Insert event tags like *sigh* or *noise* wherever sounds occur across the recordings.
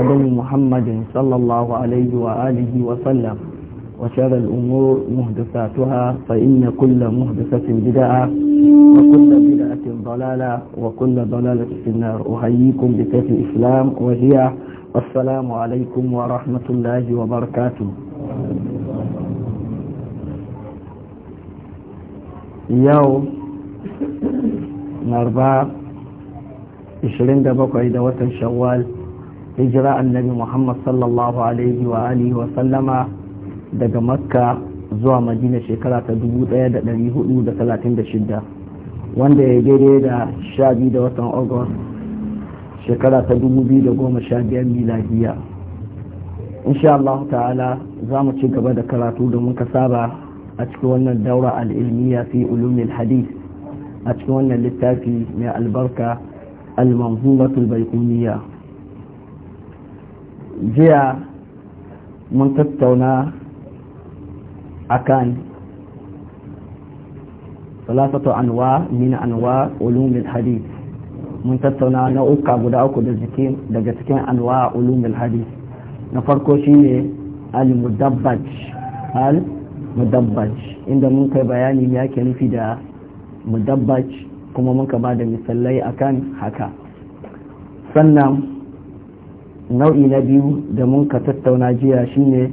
نبي محمد صلى الله عليه وآله وسلم وشر الأمور مهدساتها فإن كل مهدسة بدعة وكل بدعة ضلالة وكل ضلالة في النار أحييكم بكيف الإسلام وهي السلام عليكم ورحمة الله وبركاته يوم نربع 27 ga watan shawwal hijira annabi muhammad sallallahu alaihi wa alihi wa sallama daga makka zuwa madina shekara ta 1436 wanda ya daidai da sha da watan august shekara ta 2015 miladiya insha Allah ta'ala za mu ci gaba da karatu da muka saba a cikin wannan daura al'ilmiya fi ulumin hadith a cikin wannan littafi mai albarka al-manzumatul kuniya. jiya mun tattauna akan salasatu anwa min anwa ulumul hadith mun tattauna na uka guda uku da cikin daga cikin anwa ulumul hadith na farko shine al mudabbaj al mudabbaj inda mun kai bayani ya ke nufi da mudabbaj kuma mun ka ba da misalai akan haka sannan nau'i na biyu da mun ka tattauna jiya shine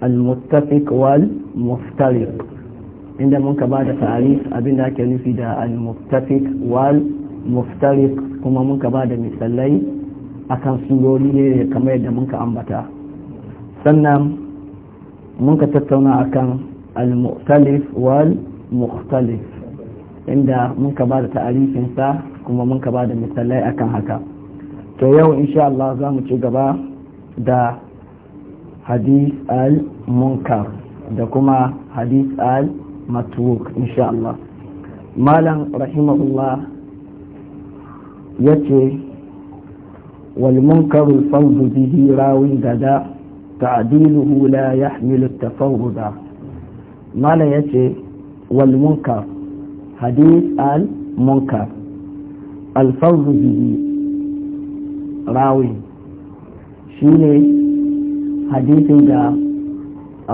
al-muttafiq wal muftariq inda mun ka bada tarif abinda ake nufi da al-muttafiq wal muftariq kuma mun ka bada misalai akan surori ne kamar yadda mun ka ambata sannan mun ka tattauna akan al-mu'talif wal mukhtalif inda mun ka bada ta'arifin sa kuma mun ka bada misalai akan haka to yau insha Allah za mu ci gaba da hadith al-munkar da kuma hadith al-matruk insha Allah malam rahimahullah ya ce والمنكر الفوز به راو ددا تعديله لا يحمل التفوض ما لا يتي والمنكر حديث المنكر الفوز به rawi shi ne hadisin da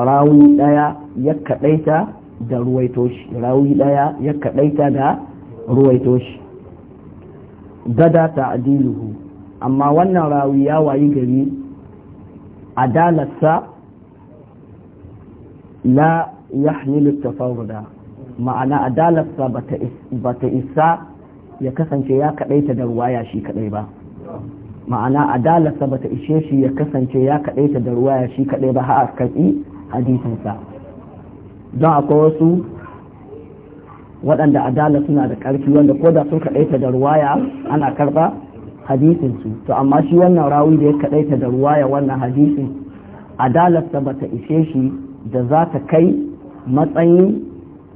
rawi daya ya kadaita da ruwaito shi rawi daya ya kadaita da ruwaito shi gada adiluhu amma wannan rawi ya wayi gari adalarsa la yahmilu tafarruda ma'ana adalarsa ta isa ya kasance ya kadaita da ruwaya shi kadai ba ma'ana adalarsa bata ishe shi ya kasance ya ta da ruwaya shi kaɗai ba har karɓi hadisinsa don akwai wasu waɗanda adala suna da ƙarfi wanda ko da sun ta da ruwaya ana karɓa hadisinsu to amma shi wannan rawi da ya ta da ruwaya wannan hadisin adalarsa bata ishe shi da za ta kai matsayin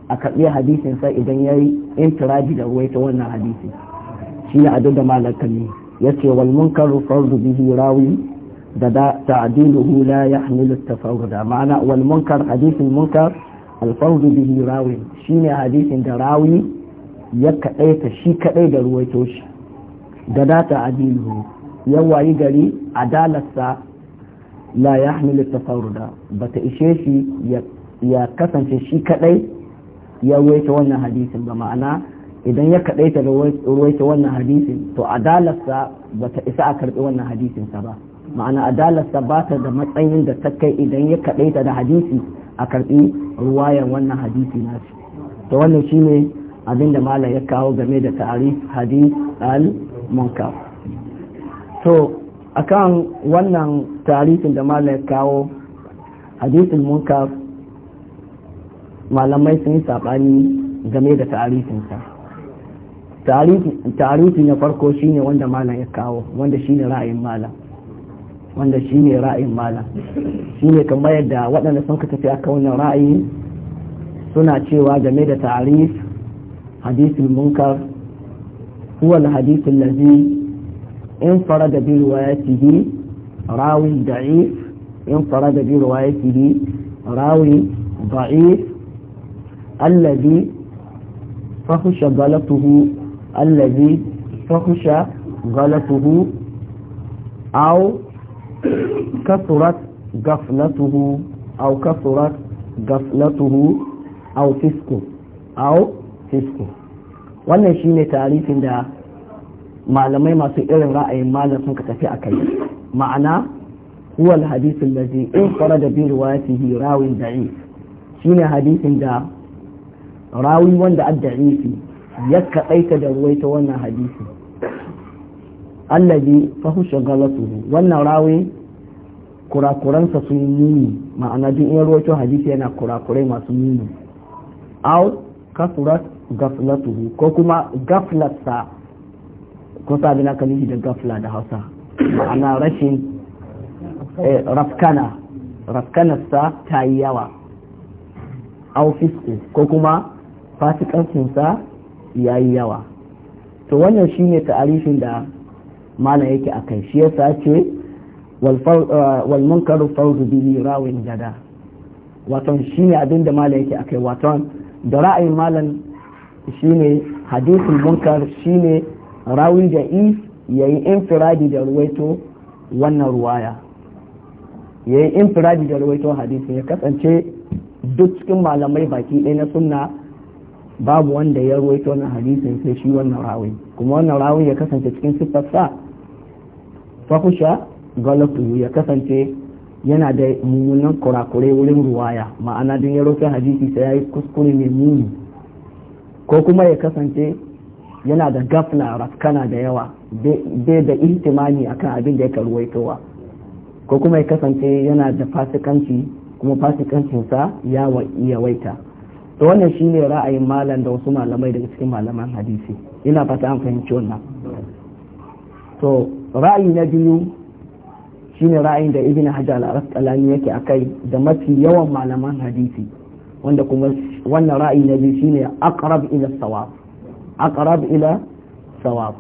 a karɓi hadisinsa idan ya yi intiraji da ta wannan hadisi shi ne a duk da malakami yace wal munkaru fardu bihi rawi da ta'diluhu la yahmilu at-tafarruda ma'ana wal munkar hadithul munkar al fardu bihi rawi shine hadisin da rawi ya kadaita shi kadai da ruwaito shi da da ta'diluhu yawayi gari adalarsa la yahmilu at-tafarruda bata ishe shi ya kasance shi kadai ya ruwaito wannan hadisin ba ma'ana idan ya kaɗaita ruwaita wannan hadisin to adalarsa ba ta isa a karɓi wannan hadisinsa ba ma'ana adalarsa ba ta da matsayin da ta kai idan ya kaɗaita da hadisi a karɓi ruwayar wannan hadisi nasu to wannan ne abin da malam ya kawo game da tarif hadis al munka to akan wannan tarihin da malam ya kawo hadis al munkar malamai sun yi saɓani game da tarihinsa. tarihi na farko shine wanda malam ya kawo wanda shine ra'ayin malam wanda shine ra'ayin malam shine kamar yadda waɗanda sun ka tafi aka wannan ra'ayi suna cewa game da tarif hadisul munkar huwa al-hadith allazi انفرد بروايته راوي ضعيف انفرد بروايته راوي ضعيف الذي فهش غلطه allazi fahusha galatuhu aw kasurat gaflatuhu aw kasurat gaflatuhu aw fisku aw fisku wannan shine tarifin da malamai masu irin ra'ayin malam sun ka tafi a kai ma'ana huwa alhadith allazi in farada bi riwayatihi rawin da'if shine hadithin da rawi wanda addaifi ya kaɗaita da ruwaita wannan hadisi allazi fahu shagalatu wannan rawi kurakuransa sun yi nuni. ma'ana duk in ruwaito hadisi yana kurakurai masu nuni aw kasurat gaflatuhu ko kuma gaflatsa ko sabi na kalishi da gafla da hausa ma'ana rashin eh, rafkana rafkanarsa ta yi yawa aw fiski ko kuma fasikancinsa ya yi yawa to wannan shine ta'arifin da mana yake a kai shi ya ce walmunkar eh, munkaru biyu bihi rawin jada waton shine abin da malam yake a kai waton da ra'ayin malam shine hadithul munkar shine rawin da'if yayi infiradi da ruwaito wannan ruwaya yayi infiradi da ruwaito hadisi ya kasance duk cikin malamai baki ɗaya na sunna babu wanda ya ruwaito wannan hadisin sai shi wannan rawi kuma wannan rawi ya kasance cikin siffarsa fakusha galatu ya kasance yana da mummunan kurakure wurin ruwaya ma'ana don ya roƙe hadisi sai ya yi kuskure mai muni ko kuma ya kasance yana da gafla raskana da yawa bai da itimami akan abin da yake ruwaitowa ko kuma ya kasance yana da fasikanci kuma fasikancinsa ya yawaita to wannan shine ra'ayin malam da wasu malamai daga cikin malaman hadisi ina fata an fahimci wannan to ra'ayi na biyu shine ra'ayin da ibina hajji al-asqalani yake akai da mafi yawan malaman hadisi wanda kuma wannan ra'ayi na biyu shine aqrab ila sawab aqrab ila sawab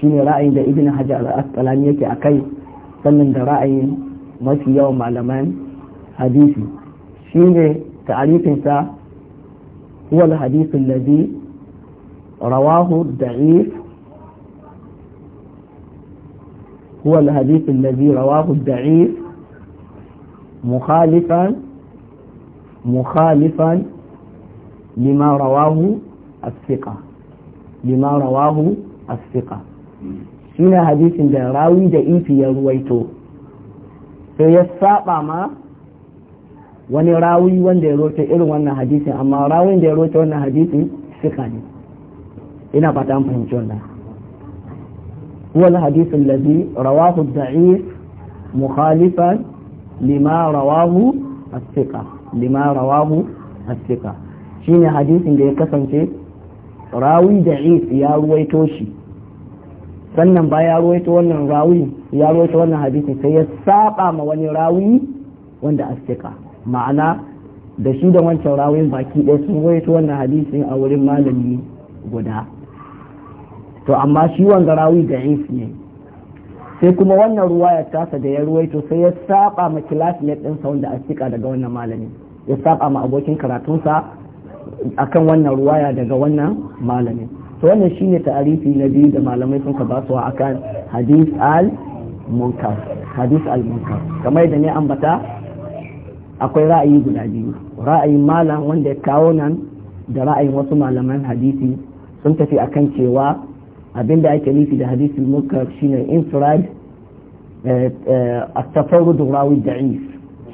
shine ra'ayin da ibina hajji al-asqalani yake akai sannan da ra'ayin mafi yawan malaman hadisi shine ta'arifinsa هو الحديث الذي رواه الضعيف هو الحديث الذي رواه الضعيف مخالفا مخالفا لما رواه الثقة لما رواه الثقة shine حديث da rawi da ifi ya wani rawi wanda ya roce irin wannan hadisin amma rawin da ya roce wannan hadisin sika ne ina fata an fahimci wannan huwa al-hadith rawahu daif mukhalifan lima rawahu as-siqa lima rawahu as-siqa shine hadisin da ya kasance rawi da'if ya ruwaito shi sannan ba ya ruwaito wannan rawi ya ruwaito wannan hadisin sai ya saba ma wani rawi wanda as-siqa ma'ana da shi da wancan rawayin baki ɗaya sun waito wannan hadisin a wurin malami guda to amma shi wanga rawi da ne sai kuma wannan ruwaya tasa da ya ruwaito sai ya saba ma classmate ɗinsa wanda a cika daga wannan malami ya saba ma abokin karatunsa akan wannan ruwaya daga wannan malami to wannan shi ne ta'arifi na biyu da malamai sun ka basuwa akan hadith al munkar al munkar kamar da ne ambata akwai ra'ayi guda biyu ra'ayin malam wanda ya kawo nan da ra'ayin wasu malaman hadisi sun tafi akan cewa abinda ake nufi da hadisi muka shine infrared eh, eh, a tafarudun rawi da'if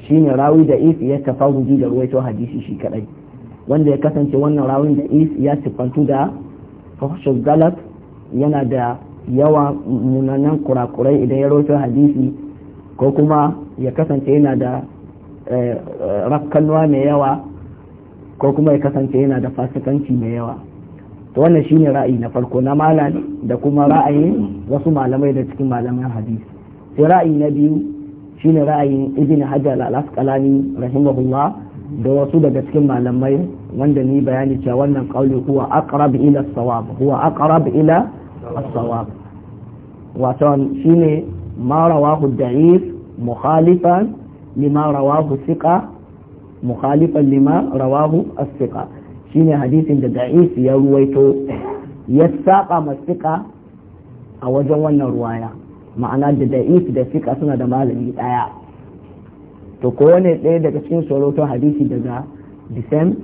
shine rawi da'if ya tafarudi da ruwaito hadisi shi kadai wanda ya kasance wannan rawin da'if ya siffantu da fahshul galat yana da yawa munanan kurakurai idan ya ruwaito hadisi ko kuma ya kasance yana da Eh, rakkanwa mai yawa ko kuma ya kasance yana da fasikanci mai yawa to wannan shine ra'ayi na farko na malam da kuma ra'ayi wasu malamai da cikin malaman hadisi sai ra'ayi na biyu shine ra'ayin ibn hajar al-asqalani rahimahullah da wasu daga cikin malamai wanda ni bayani cewa wannan kauli huwa aqrab ila as-sawab huwa aqrab ila as-sawab wato shine ma rawahu da'if mukhalifan lima rawahu siqa mukhalifan lima rawahu as-siqa shine hadisin da da'if ya ruwaito ya saba ma siqa a wajen wannan ruwaya ma'ana da da'if da siqa suna da malami ɗaya to kowane ɗaya daga cikin soroton hadisi daga disem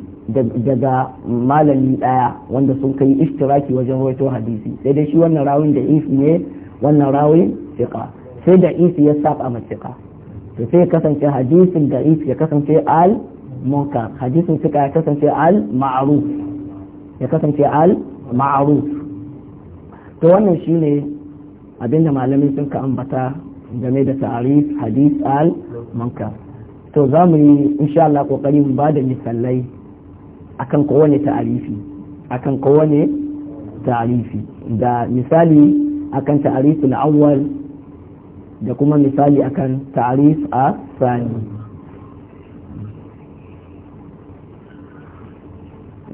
daga malami ɗaya wanda sun kai istiraki wajen rawaito hadisi sai dai shi wannan rawin da ne wannan rawin fiqa sai da isi ya saba ma fiqa to sai ya kasance hadisin da'if ya kasance al munkar hadisin suka ya kasance al ma'ruf ya kasance al ma'ruf to wannan shine abinda malamai sun ka ambata game da ta'arif hadis al munkar to za mu yi insha Allah kokari mu bada misalai akan kowane ta'arifi akan kowane da misali akan na awwal da kuma misali akan tarif a sani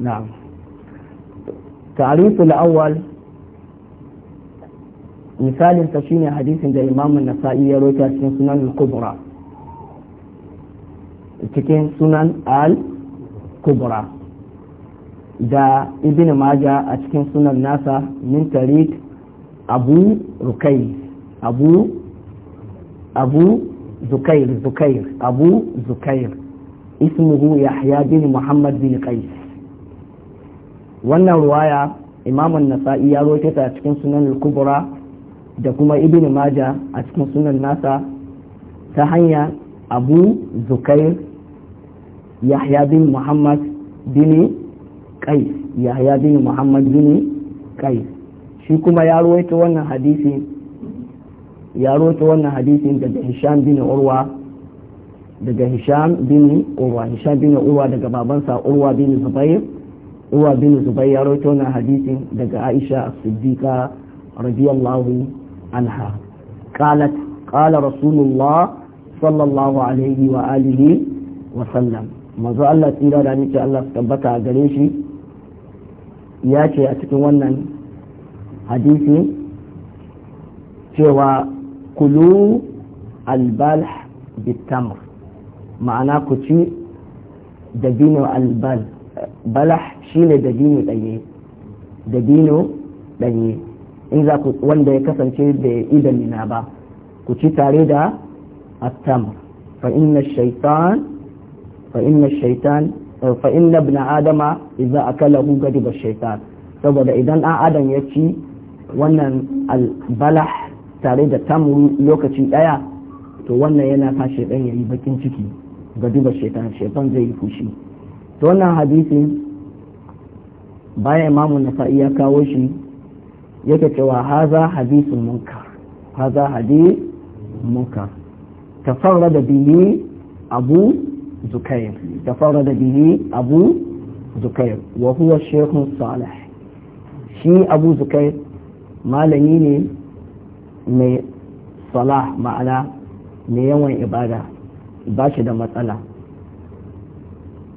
na'am al awwal misalin ta shine hadisin da imam nasa'i ya rawaita cikin sunan al-kubra cikin sunan al-kubra da ibn maja a cikin sunan nasa min tariq abu rukai abu أبو زكير زكير أبو زكير اسمه يحيى بن محمد بن قيس wannan ruwaya imamun nasa'i ya roke ta a cikin sunan kubra da kuma ibn maja a cikin sunan nasa ta hanya abu zukair yahya bin muhammad bin qais yahya muhammad bin qais shi kuma ya ruwaita wannan hadisi ya roto wannan hadisin daga hisham bin urwa daga hisham bin urwa hisham bin urwa daga babansa urwa bin zubair urwa bin zubair ya roto wannan hadisin daga aisha siddiqa radiyallahu anha qalat qala rasulullah sallallahu alaihi wa alihi wa sallam manzo Allah tsira da nake Allah tabbata a gare shi ya ce a cikin wannan hadisi cewa kulu albalh bitamr ma'ana ku ci dabino albal shi shine dabino danye dabino danye in za ku wanda ya kasance da nina ba ku ci tare da attamr fa inna shaitan fa inna shaitan fa inna ibn adama idza shaitan saboda idan an adam ya ci wannan albalah tare da tamuru lokaci ɗaya to wannan yana sa shaitan ya yi bakin ciki ga duba shaitan shaitan zai yi fushi to wannan hadisi bayan imamu nasa'i ya kawo shi yake cewa haza hadisun munka haza munka tafarra da bihi abu zukair da bihi abu zukair wa huwa shaykhun salih shi abu zukair malami ne mai salah ma'ana mai yawan ibada ba shi da matsala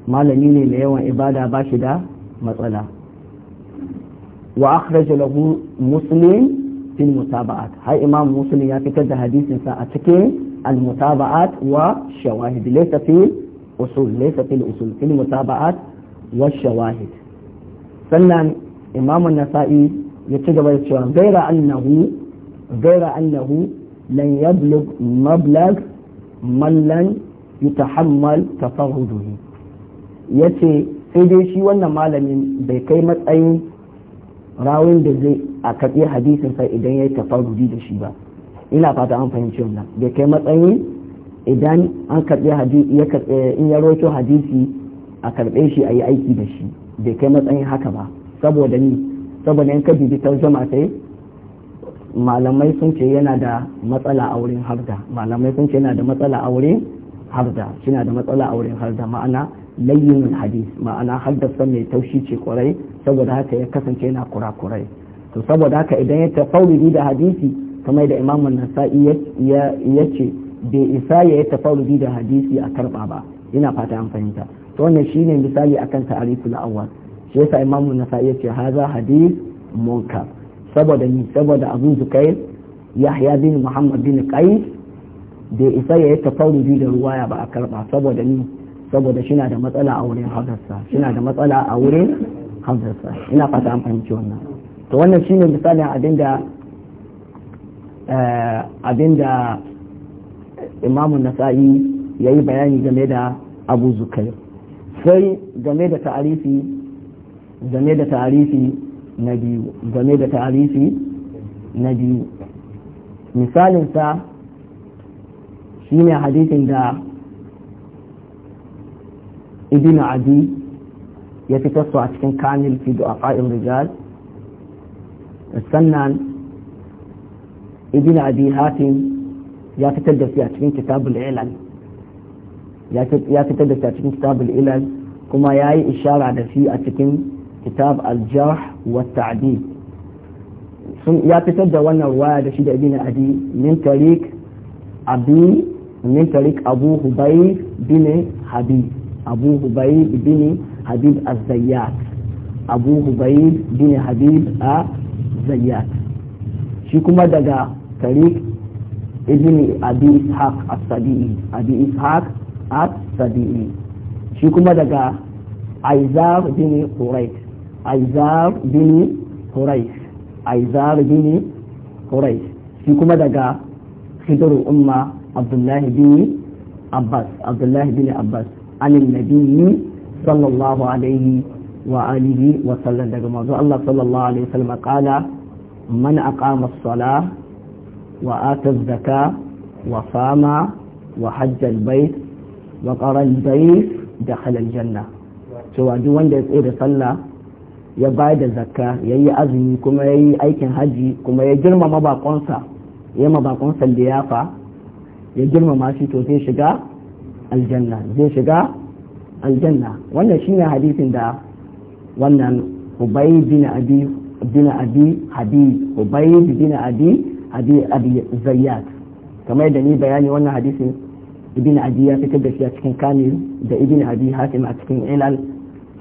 malami ne mai yawan ibada ba shi da matsala wa akhraj lahu muslim fil mutaba'at har imam muslim ya fitar da hadisin sa a cikin al mutaba'at wa shawahid laysa fi usul laysa fil usul fil mutaba'at wa shawahid sannan imam an-nasa'i ya ci gaba da cewa gaira annahu غير أنه لن يبلغ Mallan, من لن يتحمل تفرده yace sai dai shi wannan malamin bai kai matsayin rawan da zai a karɓi hadisin sai idan ya yi tafarudi da shi ba ina fata an fahimci wannan bai kai matsayin idan an karɓi in ya roto hadisi a karɓe shi ayi aiki da shi bai kai matsayin haka ba saboda ni saboda in ka bibi tarjuma sai malamai sun ce yana da matsala a wurin harda malamai sun ce yana da matsala a wurin harda suna da matsala a wurin harda ma'ana layyinul hadis ma'ana harda haddasa mai taushi ce kwarai saboda haka ya kasance yana kurakurai to saboda haka idan ya tafauri da hadisi kamar da imamun nasa'i ya ce bai isa ya yi tafauri da hadisi a karba ba ina fata an fahimta to wannan shine misali akan ta'ariful awwal shi yasa imamun nasa'i ya ce haza hadis munkar saboda ni saboda abu zukair yahya bin muhammad bin qais da isa ya yi tafauri da ruwaya ba a karba saboda ni saboda shi na da matsala a wurin hazarsa shina da matsala a wurin hazarsa ina fata an fahimci wannan to wannan shine misalin abinda eh, abinda imamun nasa'i ya yi bayani game da abu zukair sai game da ta'arifi game da ta'arifi na biyu game da ta'arifi na biyu misalinsa shi ne hadithin da ibn adi ya fitar su a cikin kamil fi a ƙa'in rijal sannan ibn abi hatim ya fitar da shi a cikin kitabul ilal ya fitar da shi a cikin kitabul ilal kuma ya yi ishara da shi a cikin kitab al-jarh wa ta'dil sun ya fitar da wannan ruwaya da shi da ibn adi min tariq abi min tariq abu hubayb bin habib abu hubayb shi kuma daga tariq ibn abi ishaq as shi kuma daga aizar bin hurais aizar bin hurais shi kuma daga hidiru umma abdullahi bin abbas abdullahi bin abbas anin nabiyyi sallallahu alaihi wa alihi wa sallam daga manzo Allah sallallahu alaihi wasallam qala man aqama as-salah wa ata az-zakah wa sama wa hajja al-bayt wa qara al-bayt dakhala al-janna cewa wanda ya tsaye da sallah ya ba da zakka ya yi azumi kuma ya yi aikin hajji kuma ya girmama bakonsa ya ma bakonsa liyafa ya girmama shi to zai shiga aljanna zai shiga aljanna wannan shine hadisin da wannan ubay bin abi bin abi habib bin abi abi abi zayyat kamar da ni bayani wannan hadisin ibn abi ya fitar da shi a cikin kamil da ibn abi hatim a cikin ilal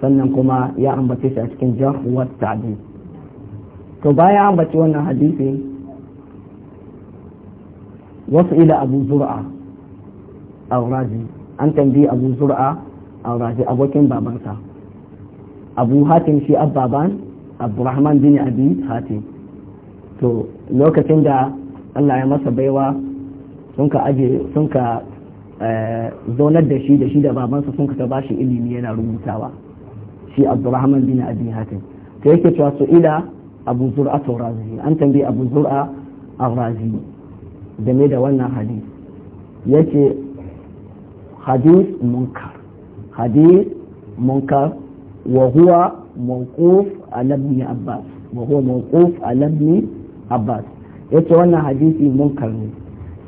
sannan kuma ya ambace shi a cikin jar tabi to baya ambace wannan hadisi wasu ila abu zur'a a aurazi an tambayi abu zur'a a aurazi abokin babansa abu hatim shi abbaban abdurrahman bin abi hatim to lokacin da allah ya masa baiwa sun ka aje sun ka eh, zaunar da shi da shi da babansa sun ka ta bashi ilimi yana rubutawa shi abdulrahman bin abi hatim to yake cewa su ila abu zur'a to an tambayi abu zur'a a razi game da wannan hadith yake hadith munkar hadith munkar wa huwa mawquf ala ibn abbas wa huwa mawquf ala ibn abbas yace wannan hadisi munkar ne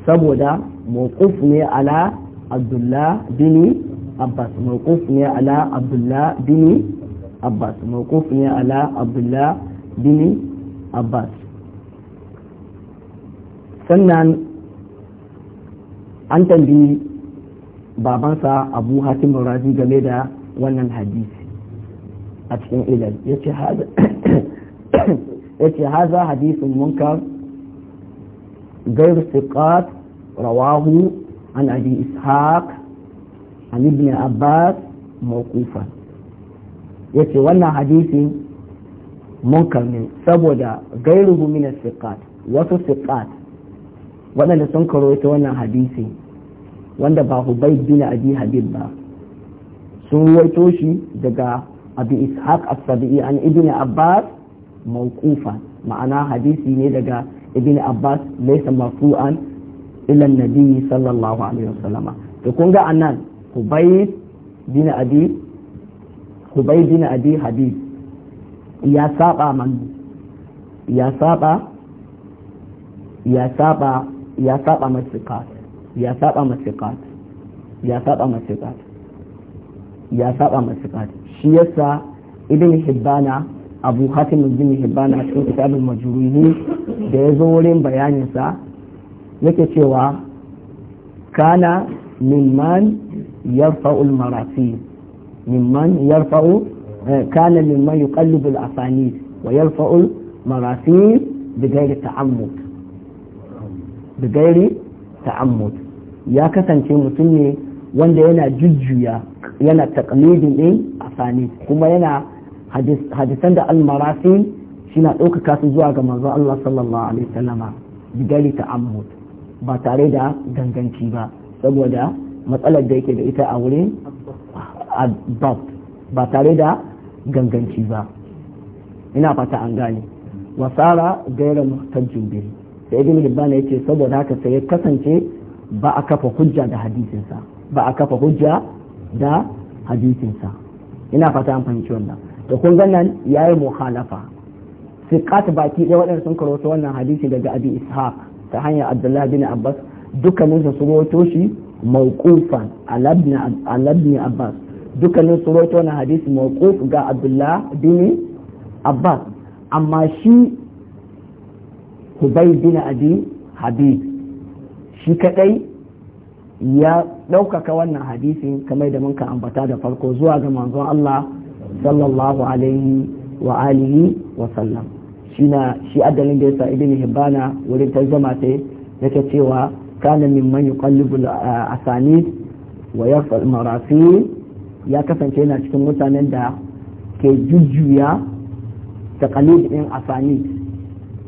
saboda mawquf ne ala abdullah bin abbas mawquf ne ala abdullah bin abbas mawquf ne ala abdullah bin abbas sannan an tambi babansa abu hatim razi game da wannan hadisi a cikin ilal ya ce haza *coughs* hadisin munkar غير ثقات رواه عن أبي إسحاق عن ابن عباس موقوفا ya ce wannan hadisi munkar ne saboda gairu min siqat wasu siqat waɗanda sun karo wannan hadisi wanda ba hubai bin Abi Habib ba sun waito shi daga Abi Ishaq as-Sabi'i an Ibn Abbas mawqufa ma'ana hadisi ne daga Ibn Abbas laysa marfu'an ila an-nabi sallallahu alaihi wasallama to kun ga annan hubai bin Abi Hubai bin Abi Habib ya saba man ya saba ya saba ya saba masiqat ya saba masiqat ya saba masiqat ya saba masiqat shi yasa Ibn Hibbana Abu Hatim ibn Hibbana cikin kitabul majruhi da yazo wurin bayanin sa yake cewa kana min man yarfa'ul marafi mimman yarfa'u kana mimman yuqallibu al wa yarfa'u al-marasil bighairi ta'ammud ya kasance mutum ne wanda yana jujjuya yana taqlidin din asanid kuma yana hadisan da al-marasil shi na ɗaukaka su zuwa ga manzon Allah sallallahu alaihi wasallama bighairi ta'ammud ba tare da danganci ba saboda matsalar da yake da ita a wurin adab ba tare da ganganci ba ina fata an gane wasara gaira muhtajjin sai ibn hibban yace saboda haka sai ya kasance ba a kafa hujja da hadisinsa ba a kafa hujja da hadisinsa ina fata an fahimci wannan to kun ga nan yayi muhalafa kata baki ɗaya waɗanda sun karoto wannan hadisi daga abi ishaq ta hanyar abdullah bin abbas dukkaninsa su rawaito shi mawqufan ala ibn abbas dukkanin su na hadisi mawquf ga Abdullah bin Abbas amma shi hubai bin Abi Habib shi kadai ya ɗaukaka wannan hadisin kamar da muka ambata da farko zuwa ga manzon Allah sallallahu alaihi wa alihi wa sallam shi na shi adalin da yasa ibn Hibana wurin tarjuma ta yake cewa kana mimman yuqallibu ah, asanid wa yarfa marasil ya kasance yana cikin mutanen da ke jujjuya taqalid din afani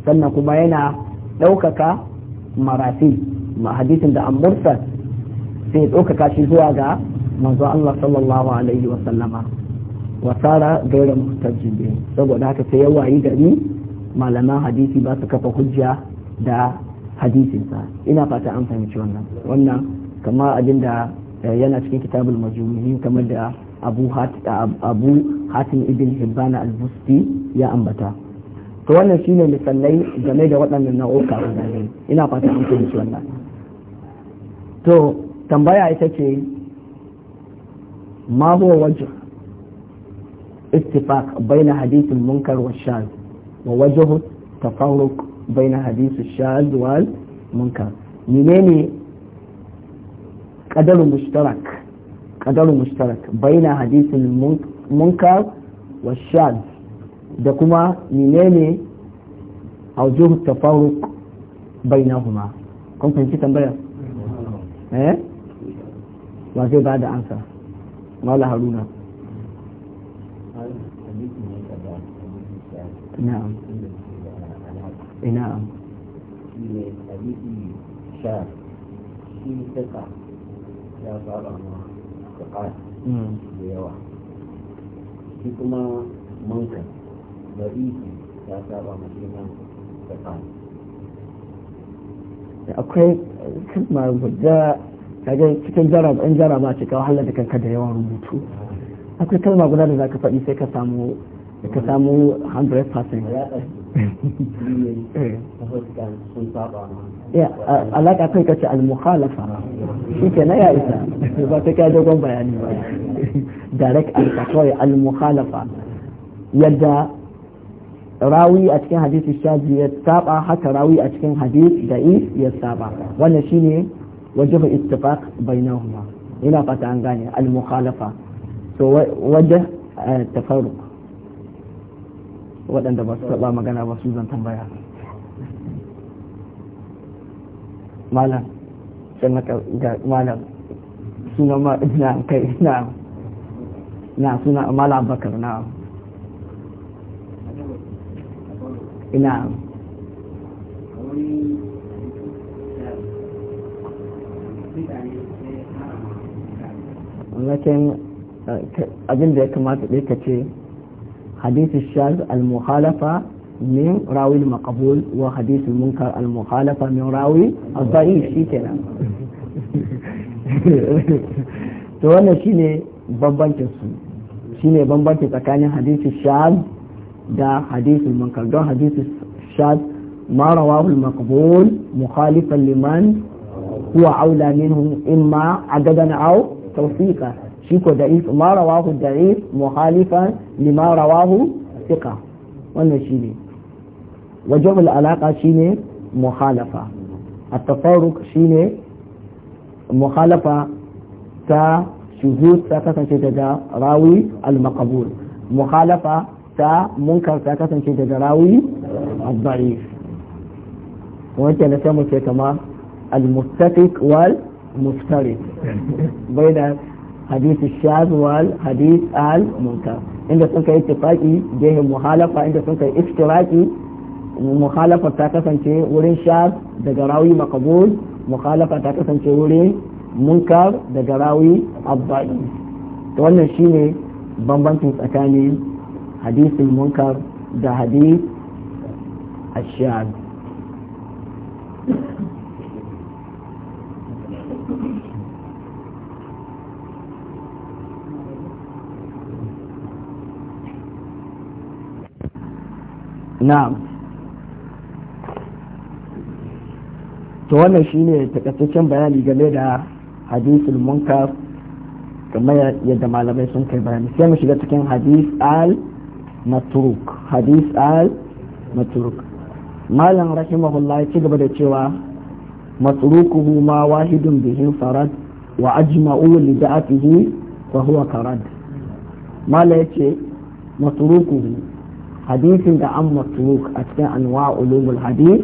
sannan kuma yana ɗaukaka marafi ma hadisin da amurta sai ɗaukaka shi zuwa ga manzo Allah sallallahu alaihi wa sallama wa sara gaira saboda haka sai ya yi gari malaman hadisi ba su kafa hujja da hadisinsa ina fata an fahimci wannan wannan kama abinda Eh, yana cikin kitabul majmu'in kamar da abu abu hatim ibn hibban al-busti ya ambata to wannan shine misalai game da waɗannan nau'uka guda ina fata an fahimci wannan to tambaya ita ce ma huwa wajh ittifaq bayna hadith al-munkar wa shadh wa wajhu tafarruq baina hadith ash-shadh wal munkar menene qadaru mushtarak qadaru mushtarak baina hadisin munkar wa shad da kuma menene aujuhu tafaruq bainahuma kun fahimci tambayar wa zai ba ansa mala haruna na'am hadisi shi saka ya saba ma da mm. da yawa shi kuma mankan da isi ya saba ma shi nan da ƙari akwai ma guda kaga cikin jaraba in jaraba ce kawo da kanka da yawan rubutu akwai kalma guda da zaka faɗi sai ka samu da ka samu 100% alaƙa kai kace al-mukhalafa shi ke na ya isa ba ta kai dogon bayani ba direct alka kawai al-mukhalafa yadda rawi a cikin hadisi shaji ya saba haka rawi a cikin hadisi da ya saba wannan shine wajibu ittifaq bainahuma ina fata an gane al-mukhalafa to wajen tafarruq waɗanda ba su taɓa magana ba su zan tambaya malam sai maka ga malam suna ma na kai na na suna malam bakar na ina na eh, abin da ya kamata ɗaya ka ce حديث الشاذ المخالفة من راوي المقبول وحديث المنكر المخالفة من راوي الضعيف شي كنا to *laughs* wannan shine bambancin bambanci tsakanin hadisi shaz da hadisi munkar don hadisi shaz ma rawahu al-maqbul mukhalifan liman huwa aula minhu imma adadan shi ko da'if ma rawahu da'if muhalifan lima rawahu thiqa wannan shine wajhul alaqa shine muhalafa at-tafarruq shine muhalafa ta shuhud ta kasance daga rawi al-maqbul muhalafa ta munkar ta kasance daga rawi al-da'if wancan na sai mu ce kamar al-muttafiq wal muftarid bayan hadith shaz wal hadith al munkar inda sun kai ittifaqi gehen muhalafa inda sun kai iftiraqi muhalafa ta kasance wurin shaz daga rawi makabul muhalafa ta kasance wurin munkar daga rawi abba'i to wannan shine bambancin tsakanin hadisin munkar da hadith الشاذ na'am to wannan shine takaitaccen bayani game da hadisul munkar kamar yadda malamai sun kai bayani sai mu shiga cikin hadis al matruk hadis al matruk malam rahimahullah ci gaba da cewa matrukuhu ma wahidun bihin farad wa ajma'u li da'atihi fa huwa karad mala yace matrukuhu hadisin da an masluk a cikin anwa ulumul hadis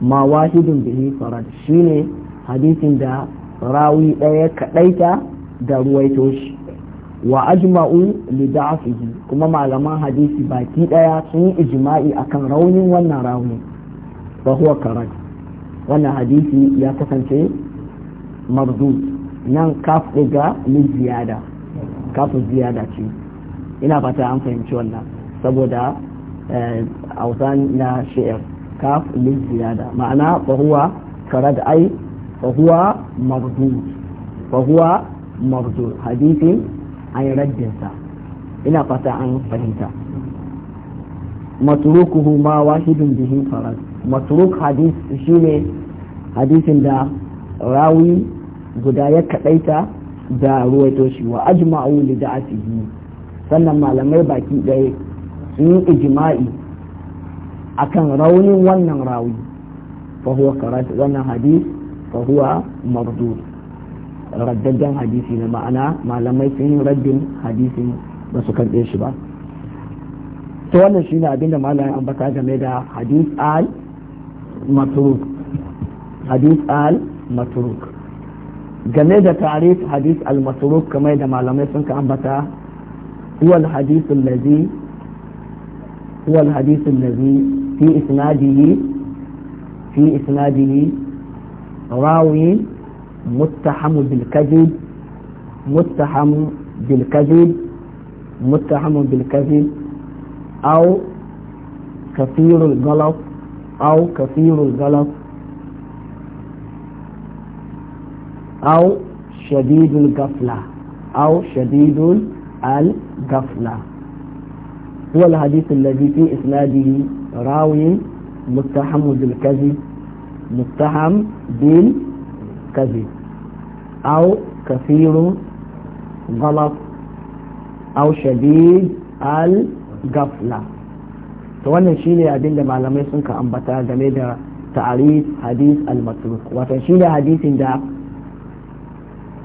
ma wahidun bihi farad shine hadisin da rawi ɗaya kaɗaita da ruwaito shi wa ajma'u li kuma malaman hadisi baki ɗaya sun yi ijma'i akan raunin wannan rauni fa huwa wannan hadisi ya kasance mardud nan kaf ga min ziyada kafin ziyada ce ina fata an fahimci wannan saboda eh, ausan na shi'ar kaf lil ziyada ma'ana fahuwa huwa karad ai fahuwa mardu fahuwa mardu hadithin an raddin sa ina fata an fahimta matrukuhu ma wahidun bihi farad matruk hadith shine hadithin da rawi guda ya kadaita da ruwaito shi wa ajma'u li da'atihi sannan malamai baki ɗaya sun yi a kan raunin wannan rawi fa huwa wannan hadis fa huwa mardud hadisi na ma'ana malamai sun yi raddin hadisin ba su karɓe shi ba ta wannan shine abinda malamai ambata game da hadis al matruk hadis al matruk game da tarif hadis al matruk kamar da malamai sun ka ambata huwa al hadis allazi هو الحديث الذي في إسناده في إسناده راوي متهم بالكذب متهم بالكذب متهم بالكذب أو كثير الغلط أو كثير الغلط أو شديد الغفلة أو شديد الغفلة هو الحديث الذي في إسناده راوي متهم بالكذب متهم بالكذب أو كثير غلط أو شديد الغفلة to wannan shine abin da malamai sun ka ambata game da ta'arif hadis al-matruk wato ne hadisin da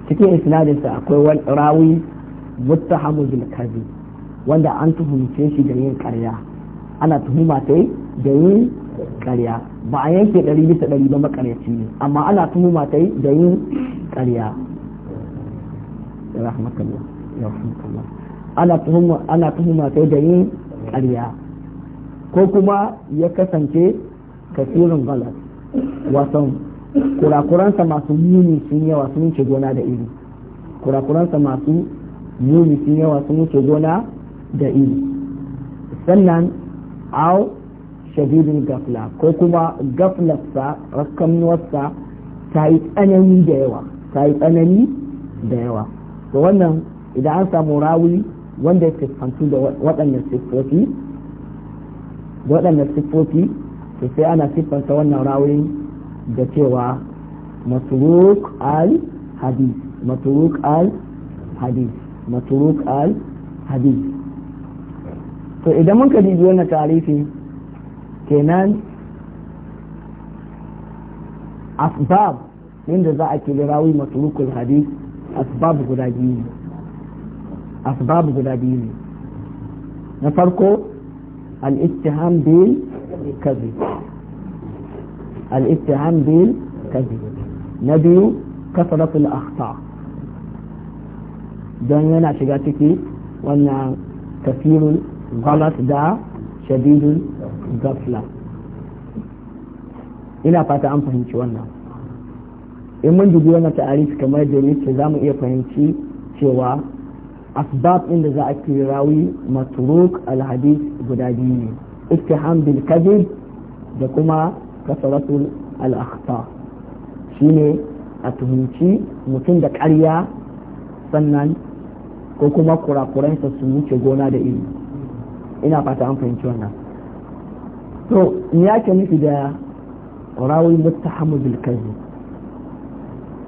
cikin isnadinsa akwai rawi muttahamu bil wanda an tuhumce shi da yin karya ana tuhuma ta da yin karya ba a yanke ɗari bisa ɗari ba makaryaci ne amma ana tuhuma ta da yin karya ana tuhuma ta da yin karya ko kuma ya kasance kasirin galas wasan kurakuransa masu muni sun yawa sun ce gona da iri kurakuransa masu muni sun yawa sun ce gona da ido sannan au shadidin gafla ko kuma gaflarsa rakamuwarsa ta yi tsanani da yawa ta yi tsanani da yawa to wannan idan an samu rawi wanda ya siffantu da waɗannan siffofi da waɗannan siffofi to sai ana siffanta wannan rawin da cewa maturuk al hadith maturuk al hadith maturuk al hadith to idan mun ka dubi wannan tarihi kenan asbab inda za a kira rawi matrukul hadith asbab guda biyu asbab guda biyu ne na farko al-ittiham bil kazi al-ittiham bil kazi na biyu kasaratul akhta don yana shiga ciki wannan kasirul galat da shadidul gafla ina fata an fahimci wannan in mun dubi wannan ta'arif kamar da ce za iya fahimci cewa asbab ɗin da za a ke rawi maturuk alhadis guda biyu ne ittiham bil kadib da kuma kasaratul al shine a tuhumci mutum da karya sannan ko kuma kurakuransa su wuce gona da iri ina fata an fahimci wannan to me yake nufi da rawi muttahamu bil kazi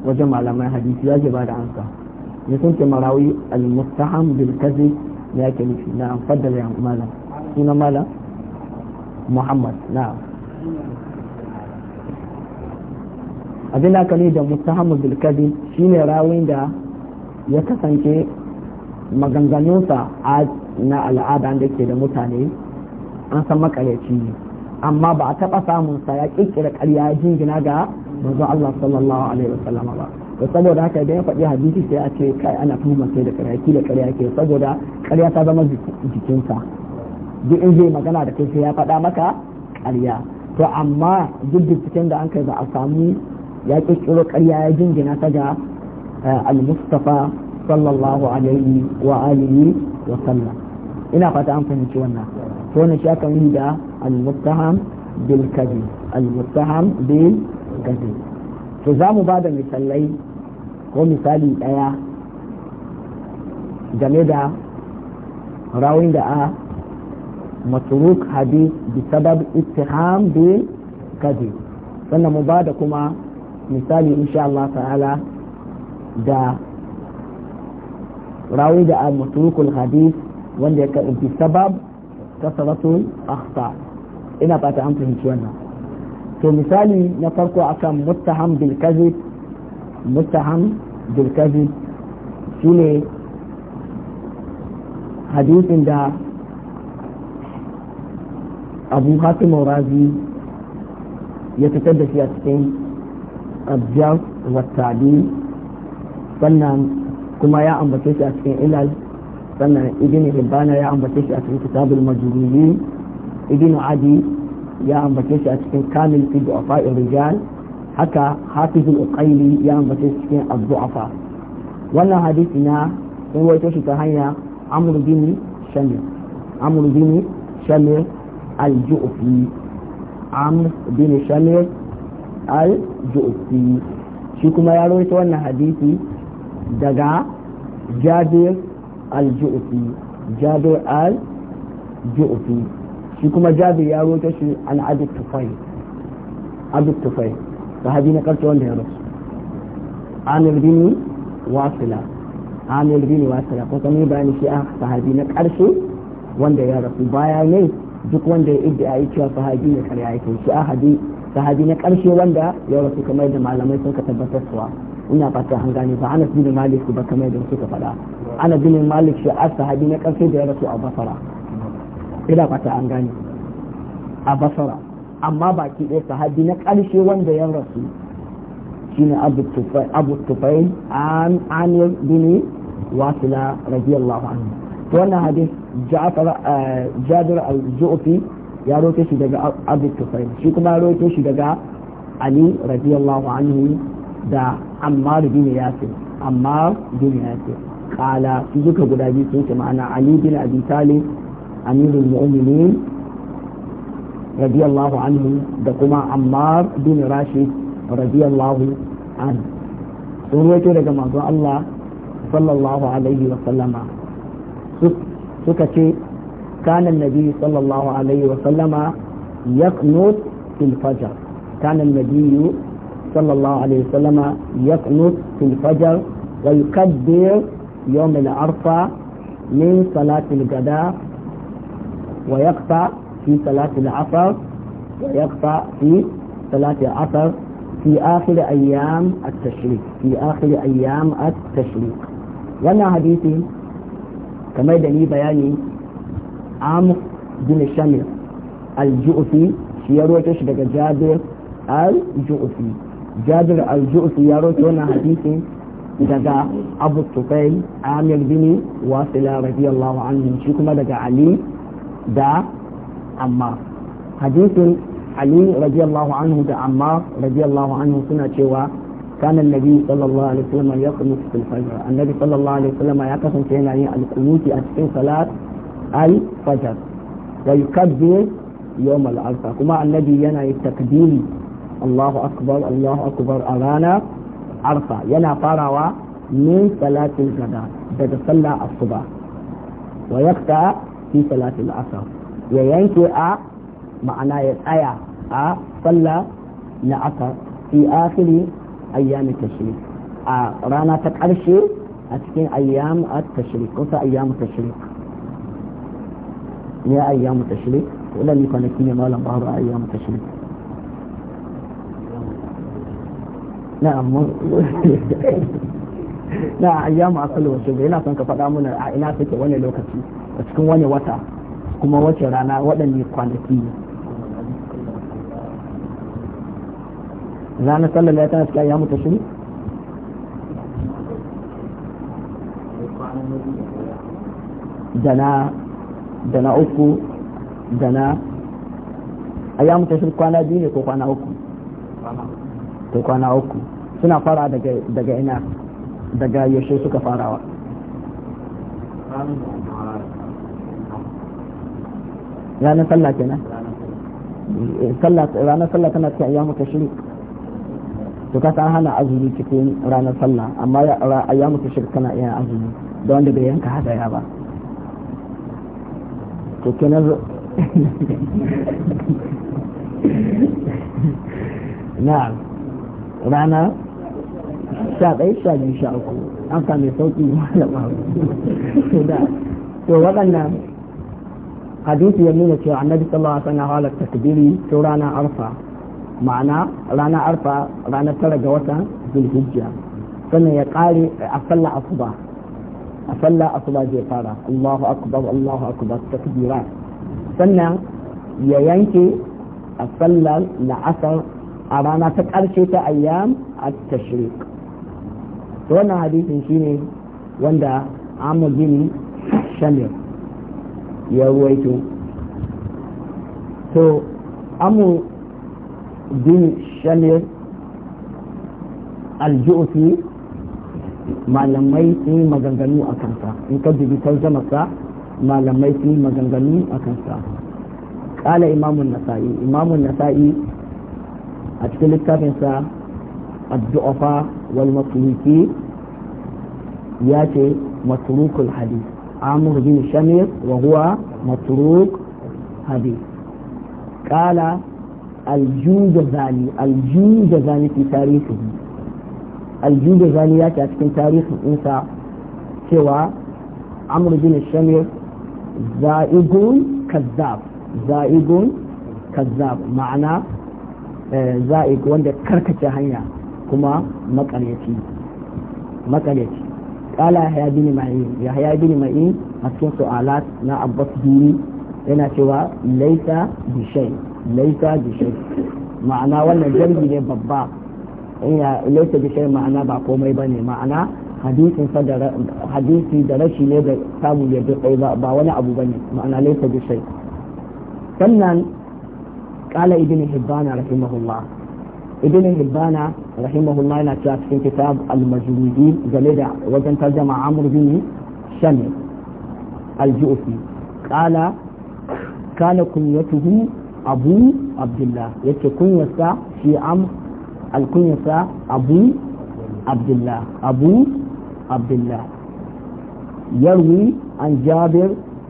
wajen malaman hadisi ya ke bada ansa ya sun ce marawi al muttaham bil kazi ya ke nufi na an da ya malam suna malam muhammad na abin da ne da muttahamu bil kazi shine rawin da ya kasance maganganunsa a na al'ada da ke da mutane an san makaryaci ne amma ba a taɓa samun sa ya kirkira ƙarya jingina ga manzo Allah sallallahu alaihi wasallam ba to saboda haka idan ya faɗi hadisi sai a ce kai ana tuhuma sai da ƙarya ki da ƙarya ke saboda ƙarya ta zama jikinsa duk in zai magana da kai sai ya faɗa maka ƙarya to amma duk binciken da an kai ba a samu ya kirkiro ƙarya ya jingina ta ga eh, al-mustafa sallallahu alaihi wa alihi wa sallam ina fata an fahimci wannan to wannan shi aka yi da al-muttaham bil kadhib al-muttaham bil kadhib to za mu bada misalai ko misali daya game da rawin da a matruk hadith bi sabab ittiham bil kadhib sannan mu bada kuma misali insha Allah ta'ala da rawi da al-matruk al-hadith wanda ya karɓi sabab kasaratul akhta ina fata an fahimci wannan to misali na farko akan muttaham bil kazib muttaham bil kazib shine hadisin da abu hatim razi ya fitar da shi a cikin abjar wa sannan kuma ya ambace shi a cikin ilal sannan ibn hibbana ya ambace shi a cikin kitabul majruri ibn adi ya ambace shi a cikin kamil fi du'afa rijal haka hafiz al-uqayli ya ambace shi cikin az wannan hadisi na sun waito shi ta hanya amr bin shamir amr bin shamir al-ju'fi amr bin shamir al-ju'fi shi kuma ya rawaito wannan hadisi daga jabir al-ju'fi jabir al-ju'fi shi kuma jabir ya roto shi an abid tufai abid tufai sahabi na karshe wanda ya rasu amir bin wasila amir bin wasila ko kuma bayani shi a sahabi na karshe wanda ya rasu baya ne duk wanda ya idda ya cewa sahabi ne kare yake shi a sahabi na karshe wanda ya rasu kamar da malamai sun ka tabbatar suwa ina fata an gane ba ana bin malik ba kamar da suka faɗa ana bin malik shi as-sahabi na ƙarshe da ya rasu a basara ina fata an gane a basara amma baki ɗaya sahabi na ƙarshe wanda ya rasu shine abu tufai an amir wasu wasila radiyallahu anhu wannan hadis ja'far eh, jabir al-ju'fi ya roƙe shi daga abu tufai shi kuma ya roke shi daga ali radiyallahu anhu da amma bin yasir amma ya yasir kala su duka guda biyu sun ce ma'ana ali bin abi talib amirul mu'minin radiyallahu anhu da kuma ammar bin rashid radiyallahu anhu sun ruwaito daga manzon Allah sallallahu alaihi wa sallama suka ce كان النبي صلى الله عليه وسلم يقنط في الفجر كان النبي صلى الله عليه وسلم يقنط في الفجر ويكبر يوم العرفة من صلاة الغداء ويقطع في صلاة العصر ويقطع في صلاة العصر في آخر أيام التشريق في آخر أيام التشريق وانا حديثي كما يدني بياني عام بن شمر الجؤفي شيروتش دقى جابر الجؤفي jabir al ya roke wannan hadisin daga abu tufai amir bini wasila radiyallahu anhu shi kuma daga ali da amma hadisin ali radiyallahu anhu da amma radiyallahu anhu suna cewa كان النبي صلى الله عليه وسلم يقنط في الفجر النبي al الله a cikin salat فينا القنوت أتكين صلاة الفجر ويكبر يوم kuma كما النبي ينا التكبير الله أكبر الله أكبر أرانا عرفة ينا فاروا من صلاة الغداء بعد صلاة الصبح ويقطع في صلاة العصر وينكي أ معنى الآية أ صلى العصر في آخر أيام التشريق ا أرانا تكرشي اسكن أيام التشريق قصة أيام التشريق يا أيام التشريق ولا يكون كني مالا بعض أيام التشريق na'am *laughs* na ayyamu asalu wasu ga yana son ka faɗa mana a ina suke wani lokaci a cikin wani wata kuma wace rana waɗanne kwanaki ne ranar sallar ya tana cikin ayyamu ta shiru da na uku da na ayyamu ta shiru kwana biyu ne ko kwana uku sai kwana uku suna fara daga ina daga yaushe suka farawa ranar sallah kenan eh, ranar sallah tana cikin ayyamu tashrik to ka san hana azumi cikin ranar sallah amma ayyamu tashrik tana iya azumi da wanda bai yanka hadaya ba to kenan *laughs* na'am rana sha ɗaya sha biyu sha uku an sami sauƙi malama *laughs* to waɗannan hadisi ya nuna cewa annabi sallallahu alaihi wasallam halar takbiri to rana arfa ma'ana rana arfa rana tara ga watan zulhijja sannan ya ƙare a sallah asuba a sallah asuba zai fara Allahu akbar Allahu akbar takbira sannan ya yanke a sallar la'asar أرانا تكالشي أيام التشريق وانا حديث شيني واندا عم جيني شمير يا ويتو تو أمو دين شمير الجوثي ما لم يتني مغنغنو أكنسا إن كنت بترجمة ما لم يتني مغنغنو أكنسا قال إمام النسائي إمام النسائي a cikin littafinsa addu'afa wal matuliki ya ce matrukul hadis amur bin shamir wa huwa matruk hadis kala aljuda zani fi tarihi aljuda zani ya ce a cikin tarihin insa cewa amur bin shamir za'igun kazzab za'igun kazzab ma'ana Eh, za'ik wanda karkace hanya kuma makaleci makaleci kala yahya bin ya yahya bin mai a cikin su'alat na abbas dini yana cewa laisa bishai laisa bishai ma'ana wannan jargi ne babba laisa bishai ma'ana ba komai ba ne ma'ana hadisi da rashi ne da samu ya bi ba wani abu ba ne ma'ana laisa bishai sannan قال ابن حبان رحمه الله ابن حبان رحمه الله لا في كتاب المجودين جلد وجن ترجم عمرو بن شمس الجوفي قال كان كنيته أبو عبد الله يتي كنيسة في عمرو الكنيسة أبو عبد الله أبو عبد الله يروي عن جابر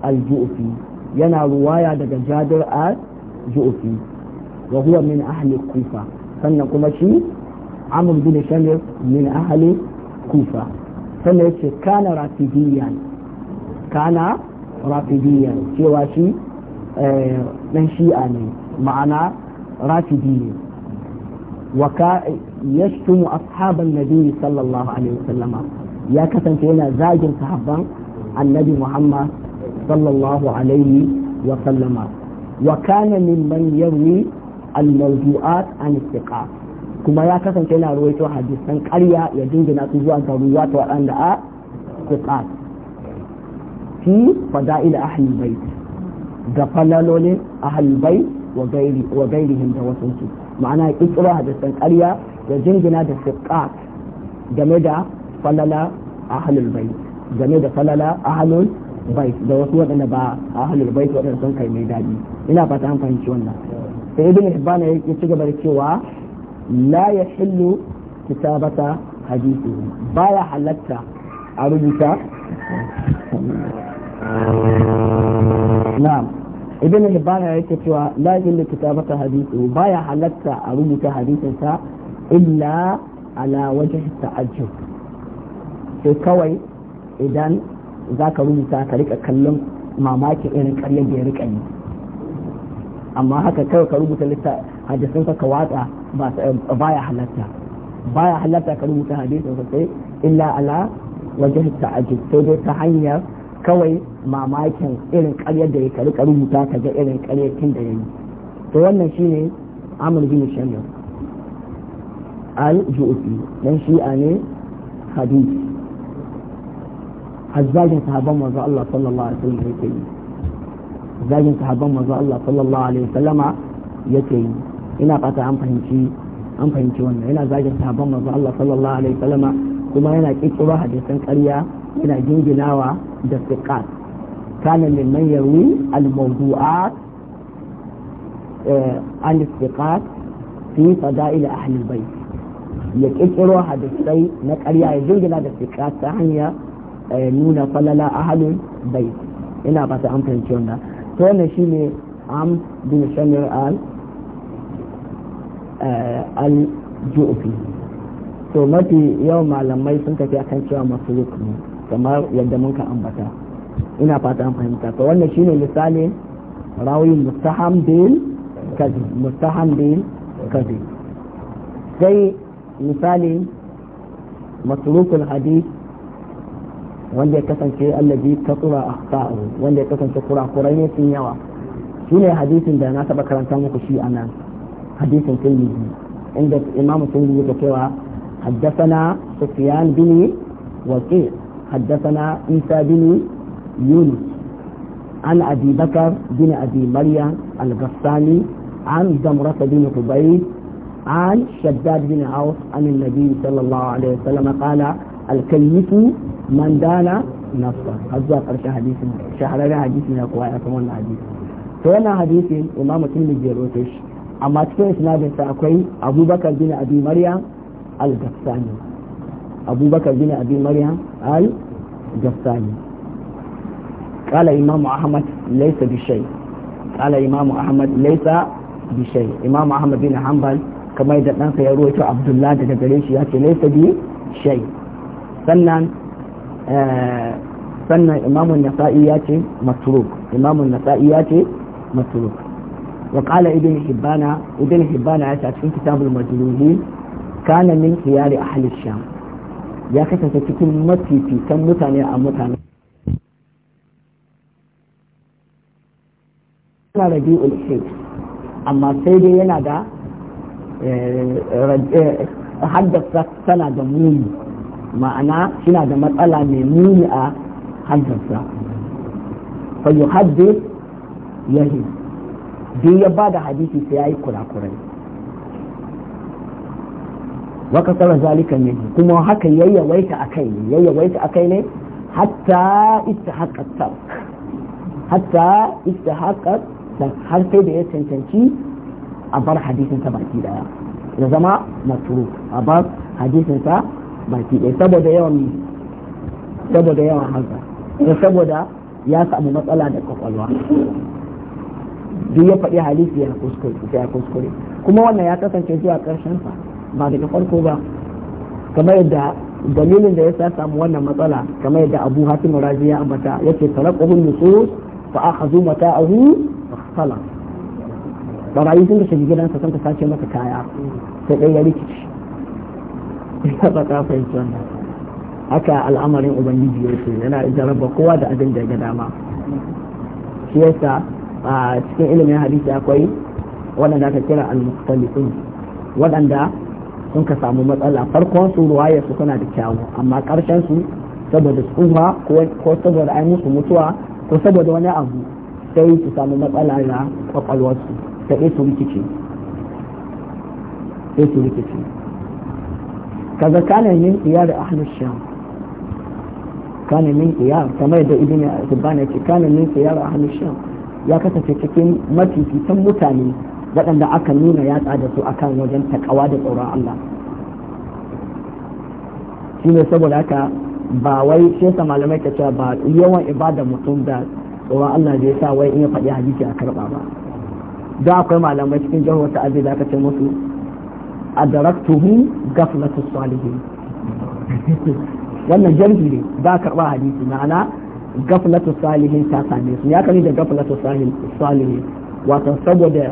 الجوفي ينا رواية دجا جابر الجوفي wahuwa huwa min ahli kufa sannan kuma shi amr bin shamir min ahli kufa sannan yace kana rafidiyan kana rafidiyan cewa shi dan shi'a ne ma'ana rafidi ne wa ka yashtumu ashaban nabi sallallahu alaihi wasallama ya kasance yana zagin sahabban annabi muhammad sallallahu alaihi wasallama wa kana al-mawdu'at an istiqa kuma ya kasance yana ruwaito hadisan ƙarya ya jingina su zuwa ga ruwa ta waɗanda a istiqa fi fada'il ahli bait da falalolin ahli bait wa gairi wa gairihim da wasu su ma'ana ya hadisan ƙarya ya jingina da istiqa game da falala ahlul bait game da falala ahlul bait da wasu waɗanda ba ahlul bait waɗanda sun kai mai daɗi ina fata an fahimci wannan sai ibn hibban ya ci gaba da cewa la yahillu kitabata hadisi baya halatta a rubuta na'am ibn hibban ya ce cewa la kitabata baya halatta a rubuta hadisinsa illa ala wajen ta'ajjub sai kawai idan zaka rubuta ka rika kallon mamakin irin karya da ya rika yi amma haka kawai ka rubuta lista hadisin ka watsa baya halatta baya halatta ka rubuta hadisin ka sai illa ala wajen ta'ajjub sai dai ta hanyar kawai mamakin irin karyar da ya kari ka rubuta ka ga irin karyakin da ya yi to wannan shine amr bin shamil al-ju'fi dan shi'a ne hadisi hazzajin sahabban manzo Allah sallallahu alaihi wasallam yake zagin sahabban manzo Allah sallallahu alaihi wasallama yake yi ina fata an fahimci an fahimci wannan yana zagin sahabban manzo Allah sallallahu alaihi wasallama kuma yana kikkiro hadisan ƙarya yana jinginawa da siqat kana min man yarwi al-mawdu'at eh, an siqat fi fada'il ahli al-bayt ya kikkiro hadisai na ƙarya ya jingina da siqat ta hanya eh, nuna falala ahlul bayt ina fata an fahimci wannan to shi ne am bin shamir al eh, al-jufi to mafi yawan malamai sun tafi akan cewa masu ne kamar yadda mun ka ambata ina fata an fahimta to wannan shine misali rawi mustaham bin kazi mustaham bin kazi sai misali masrukul hadith wanda ya kasance allazi kasura akhta'u wanda ya kasance kurakurai ne sun yawa shine hadisin da na taba karanta muku shi anan hadisin tirmidhi inda imamu tirmidhi yake cewa sufyan سفيان بن وكيع حدثنا عيسى bakar bin abi Maryam بكر بن ابي مريم الغساني an زمرة بن قبيل عن شداد بن عوف عن النبي صلى الله عليه وسلم قال alkayyifu man dana nafsa har zuwa ƙarshen hadisin shahararren hadisi na kowa ya san wannan hadisi to wannan hadisin imamu tilmi ya rawaito shi amma cikin isnadin sa akwai abubakar bin abi maryam al-gassani abubakar bin abi maryam al-gassani قال إمام أحمد ليس بشيء قال إمام أحمد ليس بشيء إمام أحمد بن حنبل كما إذا ننسى يروي عبد الله تجريش ليس بشيء sannan eh, sannan imamun nasa'i ya ce matruk imamun nasa'i ya ce matruk wa qala ibn hibbana ibn hibbana ya ce cikin kitabul majlulin kana min khiyari ahli sham ya kasance cikin mafifitan mutane a mutane yana rabi'ul hijr amma sai dai yana da eh, eh, haddasa tana da muni ma'ana suna da matsala mai muni a haddasa fa yuhaddith yahi duk ya ba da hadisi sai yayi kurakurai wa kasara zalika ne kuma haka yayyawaita akai ne yayyawaita akai ne hatta ita haka tark hatta ita istihaqqa har sai da ya cancanci a bar hadisin baki daya ya zama maturu a bar hadisin baki ɗaya saboda yawan saboda yawan haka da saboda ya samu matsala da kwakwalwa duk ya faɗi halifi ya kuskure kuma wannan ya kasance zuwa ƙarshen sa ba daga farko ba kamar yadda dalilin da ya sa samu wannan matsala kamar yadda abu hatim razi ya ambata yace talaqahun nusus fa akhadhu mata'ahu fakhsala barayi sun da shi gidansa sun ta sace masa kaya sai dai ya rikici ya ba fahimci wannan haka al'amarin ubangiji ce yana jaraba kowa da abin da ya ga dama shi yasa a cikin ilimin hadisi akwai waɗanda aka kira al-mukhtalifun waɗanda sun ka samu matsala farkon su ruwaya su suna da kyawu amma karshen su saboda tsuma ko saboda ai musu mutuwa ko saboda wani abu sai su samu matsala na kwakwalwarsu sai su rikice sai su rikice kaga kana iya da ahlus sham kana yin iya kamar da ibn Hibban yake kana iya da ahlus sham ya kasance cikin mafificin mutane waɗanda aka nuna ya da su akan wajen takawa da tsoron Allah shi ne saboda haka ba wai shi sa malamai ta cewa ba yawan ibada mutum da tsoron Allah zai sa wai in ya faɗi hadisi a karɓa ba don akwai malamai cikin jihar wata abin da aka ce musu adraktuhu ghaflatu salihin wannan jarhi ne ba karba hadisi ma'ana gaflatu salihin ta same su ya kani da gaflatu salihin wato saboda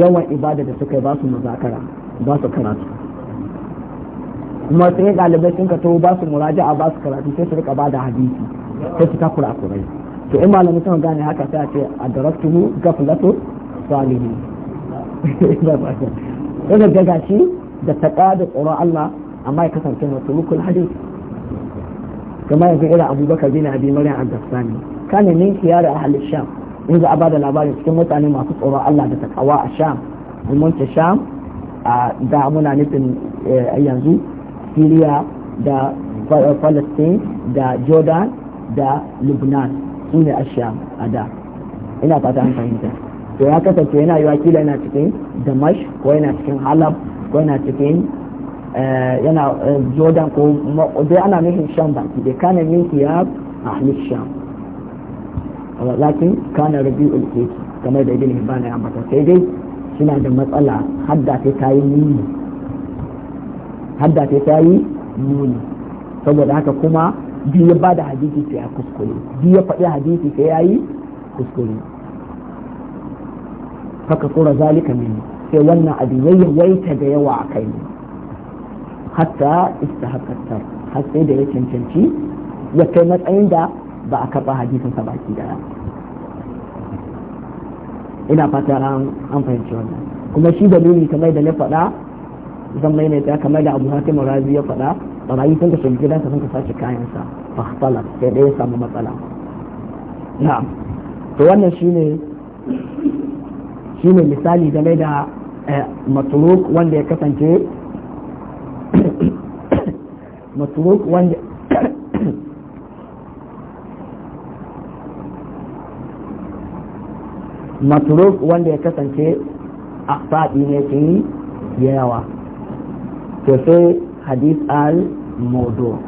yawan ibada da suka ba su muzakara ba su karatu kuma sai ɗalibai sun ka kato ba su muraja a ba su karatu sai su rika ba da hadisi sai su takura kurai to in malamai sun gane haka sai a ce a daraktuhu gaflatu salihin daga gaga shi da taƙa da tsoron Allah amma ya kasance masulukul hadis kama yanzu irin abubakar bin abi maryam al-dastani min kiyara ahli sham in za a ba da labarin cikin mutane masu tsoron Allah da takawa a sham almanci sham da muna nufin eh, yanzu syria da palestine da jordan da lebanon su ne a sham a da ina fata an fahimta to ya kasance yana yiwa kila yana cikin damash ko yana cikin halab ko yana cikin eh, yana eh, jordan ko dai ana nufin sham baki dai kana min kiyab ahli sham lakin kana rabi ulke kamar da ibn hibban ya ambata sai dai suna da matsala hadda ta yi muni hadda ta saboda haka kuma duk ya bada hadisi sai ya kuskure duk ya faɗi hadisi sai yi kuskure haka kura zalika min sai wannan abu ya yawaita da yawa a kai hatta istahaqqa har sai da ya cancanci ya kai matsayin da ba a karɓa hadisin sa baki daya ina fata an fahimci wannan kuma shi dalili kamar da na faɗa zan maimaita kamar da abu hatim razi ya faɗa barayi sun ka shiga gidansa sun ka sace kayansa fahtalar sai ya samu matsala na'am to wannan shine shi shine misali game da eh, matruk wanda ya kasance *coughs* matruk wanda *coughs* matruk wanda ya kasance a faɗi ne ke yi yawa to sai hadith al modo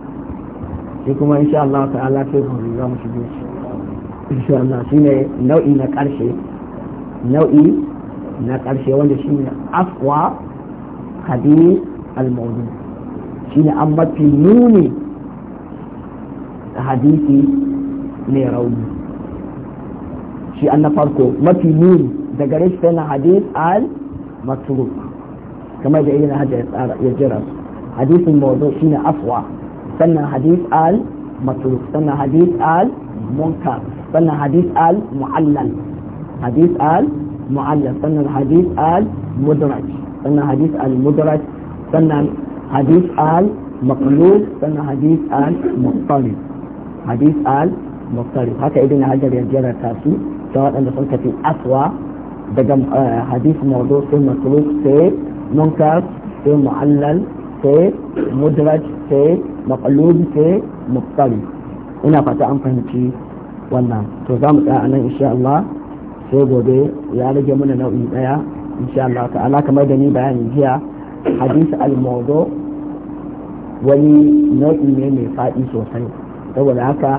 shi kuma insha Allah ta'ala sai mu riga mu shi shi insha Allah shine nau'i na karshe nau'i na ƙarshe wanda shi ne afwa hadis al-maudu shi ne an mafi nuni hadisi mai rauni shi an na farko mafi nuni daga gare shi na hadis al-matruk kamar da irin hajji ya jira hadisin maudu shi ne afwa sannan hadis al-matruk sannan hadis al-munkar sannan hadis al-mu'allal حديث معلق قلنا الحديث المدرج قلنا حديث المدرج قلنا حديث المقلوب قلنا حديث مضطرب حديث مضطرب هكا ابن حجر يجرى كافي سواء أن قلت في أسوأ دقم آه، حديث موضوع في مطلوب في منكر في معلل في مدرج في مقلوب في مضطرب انا fata an fahimci wannan to za ان شاء الله sai gobe ya rage mana nau'i daya insha Allah ta'ala kamar da ni bayani jiya hadisi al-mawdu wani nau'i ne mai faɗi sosai saboda haka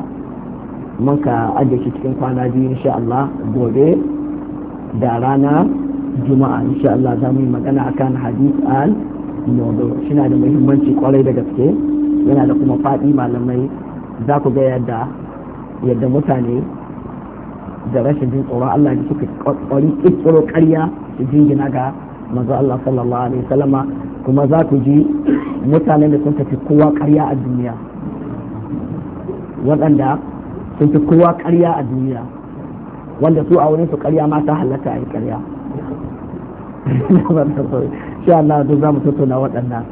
mun ka ajiye shi cikin kwana biyu insha Allah gobe da rana juma'a insha Allah za mu yi magana akan hadisi al mawdu shina da muhimmanci kwarai da gaske yana da kuma faɗi malamai za ku ga yadda yadda mutane da rashin jin tsoron Allah da suka kwari kitsoro ƙarya su jingina ga manzo Allah sallallahu alaihi wasallama kuma za ku ji mutanen da sun tafi kowa ƙarya a duniya waɗanda sun fi kowa ƙarya a duniya wanda su a wurin su ƙarya ma ta halatta a yi ƙarya *laughs* insha Allah duk za mu tattauna waɗannan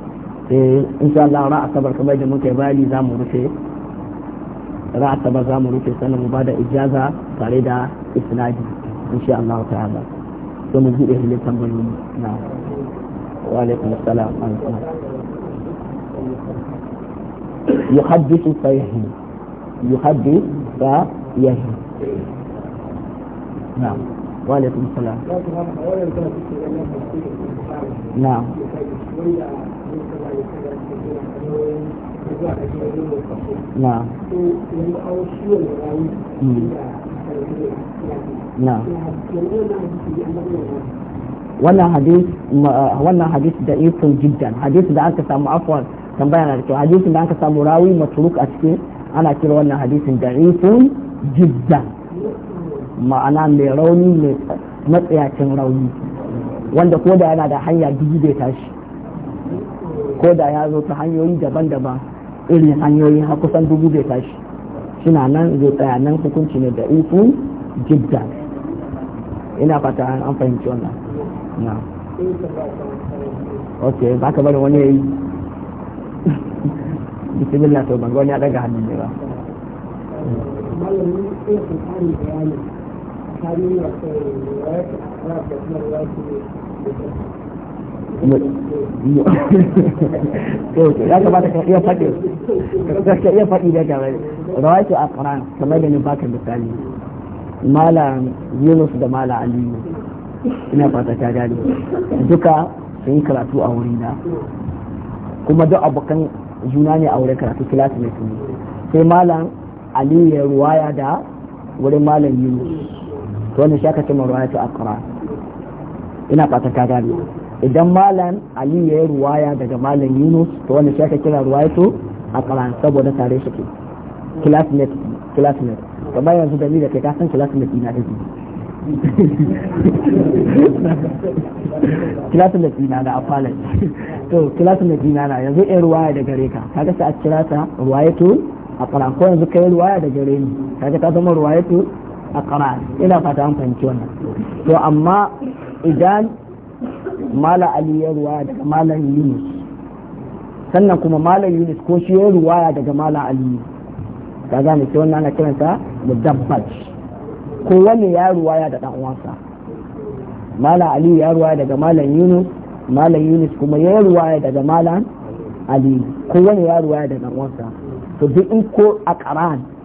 eh, insha Allah ra'a sabar kamar da muka yi bayani za mu rufe ra'ata ba za mu rufe sannan mu ba da ijaza tare da isnadi insha Allah ta'ala sai mu bude hilin tambayoyi na wa alaikum assalam yuhaddithu fa yahmi yuhaddithu fa yahmi na'am wa alaikum assalam na'am Hmm. na wannan hadis da ifin jiddan hadis da aka samu afwan tambaya na da kyau hadisin da aka samu rawi matruk a cikin ana kira wannan hadisin da ifin jiddan ma'ana mai rauni mai matsayacin rauni wanda ko da yana da hanya biyu bai tashi ko da ya zo ta hanyoyi daban-daban irin hanyoyi har kusan dubu bai tashi suna nan zai tsaya nan hukunci ne da uku jidda ina fata an fahimci wannan na ok ba ka bari wani yayi yi *laughs* bismillah to ban wani ya daga hannu ne ba malamin ya kamata ka iya faɗi ka iya faɗi da kamar rawaitu a ƙaran kamar da ni baka misali mala yunus da mala aliyu ina fata ta gane duka sun yi karatu a wuri na kuma duk abokan juna ne a wurin karatu kilasi mai tuni sai malam aliyu ya ruwaya da wurin malam yunus to wani shaka ce ma ruwayatu a ƙaran ina fata ta gane idan malam ali ya yi ruwaya daga malam yunus to wanda shi aka kira ruwayato a karan saboda tare shi ke classmate classmate kamar yanzu da ni da kai kasan classmate ina da *laughs* classmate ina da afalan to classmate ina na yanzu in ruwaya da gare ka kaga sai a kira ta ruwayato a karan ko yanzu kai ruwaya da gare ni kaga ta zama ruwayato a karan ina fata an fahimci wannan to amma idan mala ali ya ruwaya daga malam yunus sannan kuma malam yunus ko shi ya ruwaya daga malam ali ta gane ce wannan ana da mudabbaj ko wani ya ruwaya da dan uwansa malam ali ya ruwaya daga malam yunus malam yunus kuma ya ruwaya daga malam ali ko wani ya ruwaya daga dan uwansa to duk in ko a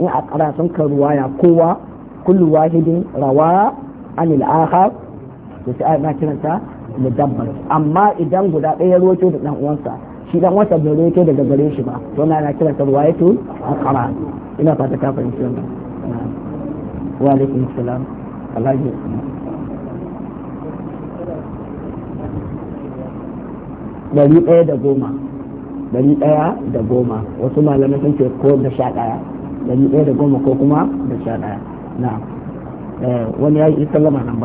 in a ƙara sun ka ruwaya kowa kullu wahidin rawa anil akhar to sai ana kiranta dabbar amma idan guda ɗaya ya roto da ɗan uwansa shi ɗan wata bai roƙo daga gare shi ba don ana kira ta ruwayatu a ƙara ina fata ta fahimci wannan wa alaikum salam alhaji dari ɗaya da goma dari ɗaya da goma wasu malamai sun ce ko da sha ɗaya dari ɗaya da goma ko kuma da sha ɗaya na'am Eh, wani ya yi sallama nan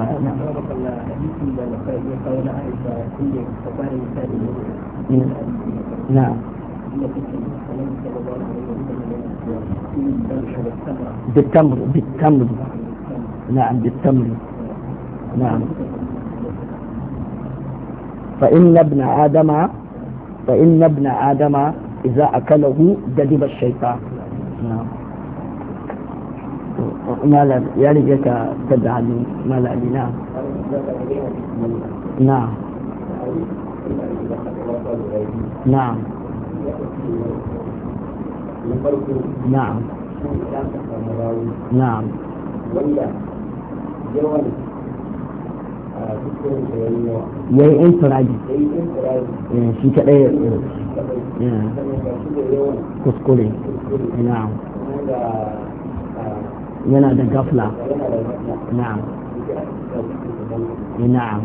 نعم na بالتمر بالتمر نعم بالتمر نعم فإن ابن آدم فإن ابن آدم إذا أكله جذب الشيطان نعم malam ya rike ka da hannu malami na na na na na ya yi infiraji eh, shi kadai eh, eh. kuskure na yana da gafla na'am na'am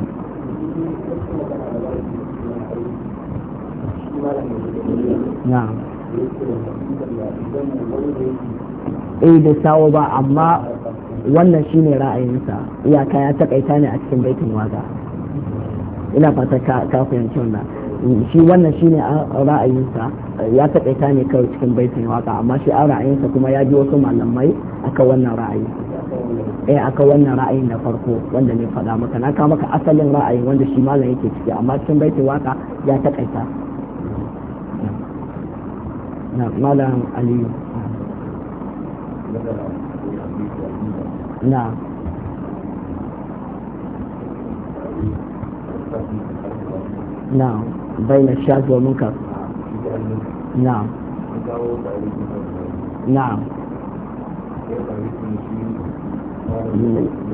na'am eh da sawo ba amma wannan shine ra'ayinsa iyaka ya takaita ne a cikin baitin waza ina fata ka fahimci wannan shi wannan shine ra'ayinsa ya taƙaita ne kawai cikin baitin waka amma shi an ra'ayinsa kuma ya ji wasu malamai aka wannan ra'ayi eh aka wannan ra'ayin na farko wanda ne faɗa maka na kawo maka asalin ra'ayi wanda shi malam yake ciki amma cikin baitin waka ya taƙaita na malam aliyu na بين الشاذ والمنكر نعم نعم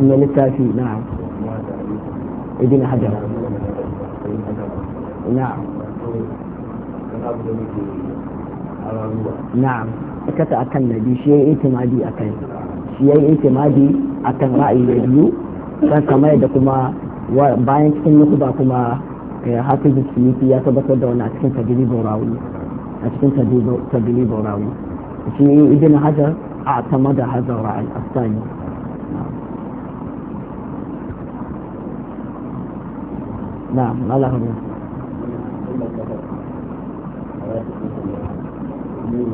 من التافي نعم ابن حجر نعم na'am kata akan na biyu shi ya yi itimadi a kai shi ya yi a kan ra'ayi da biyu kan da kuma bayan cikin nukuba kuma hafiz suyuti ya tabbatar da wani a cikin tagili borawi a cikin tagili borawi shi ibn hajar a tama da hajar ra'ayi asani na malahamu Thank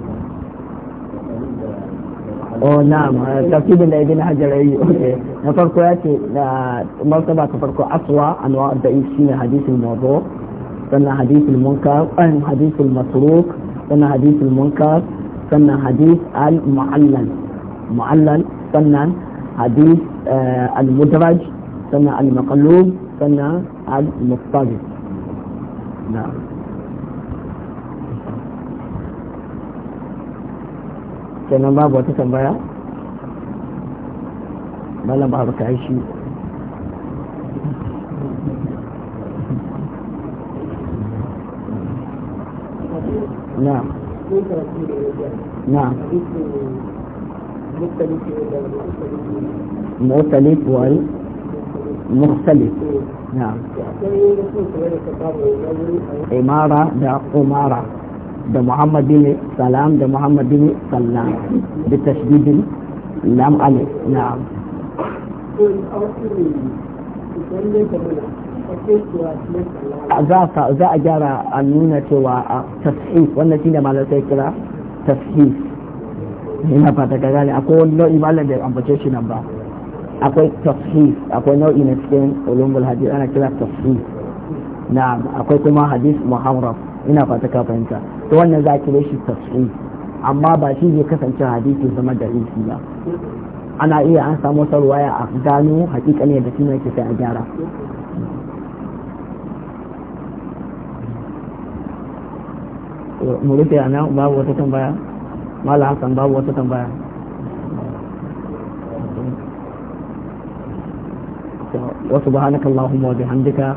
you. oh na'am eh, tafsirin da ibn hajar yayi okay na farko ya ce eh, martaba ta farko aswa anwa da shine hadisin mawdu sannan hadisin munkar an hadisin masruk sannan hadisin munkar sannan hadis al mu'allal mu'allal sannan hadis eh, al mudraj sannan al maqlub sannan al mustabil na'am kenan babu wata tambaya malam babu ka shi na'am na'am مختلف وال مختلف نعم عمارة دا قمارة da muhammad bin salam da muhammad bin sallam da tashdidin lam alif na'am za a gyara a nuna cewa a tashif wannan shine malar sai kira tashif ina fata ka gane akwai wani nau'i malar da ambace shi nan ba akwai tashif akwai nau'i na cikin ulumul hadith ana kira tashif na akwai kuma hadith muhammad ina fata ka fahimta to wannan za ki shi tafsiri amma ba shi zai kasance hadisi zama da rinki ba ana iya an samu sarwaya a gano hakika ne da shi ne sai a gyara mu rufe ana babu wata tambaya mala hasan babu wata tambaya wasu ba subhanakallahumma wa bihamdika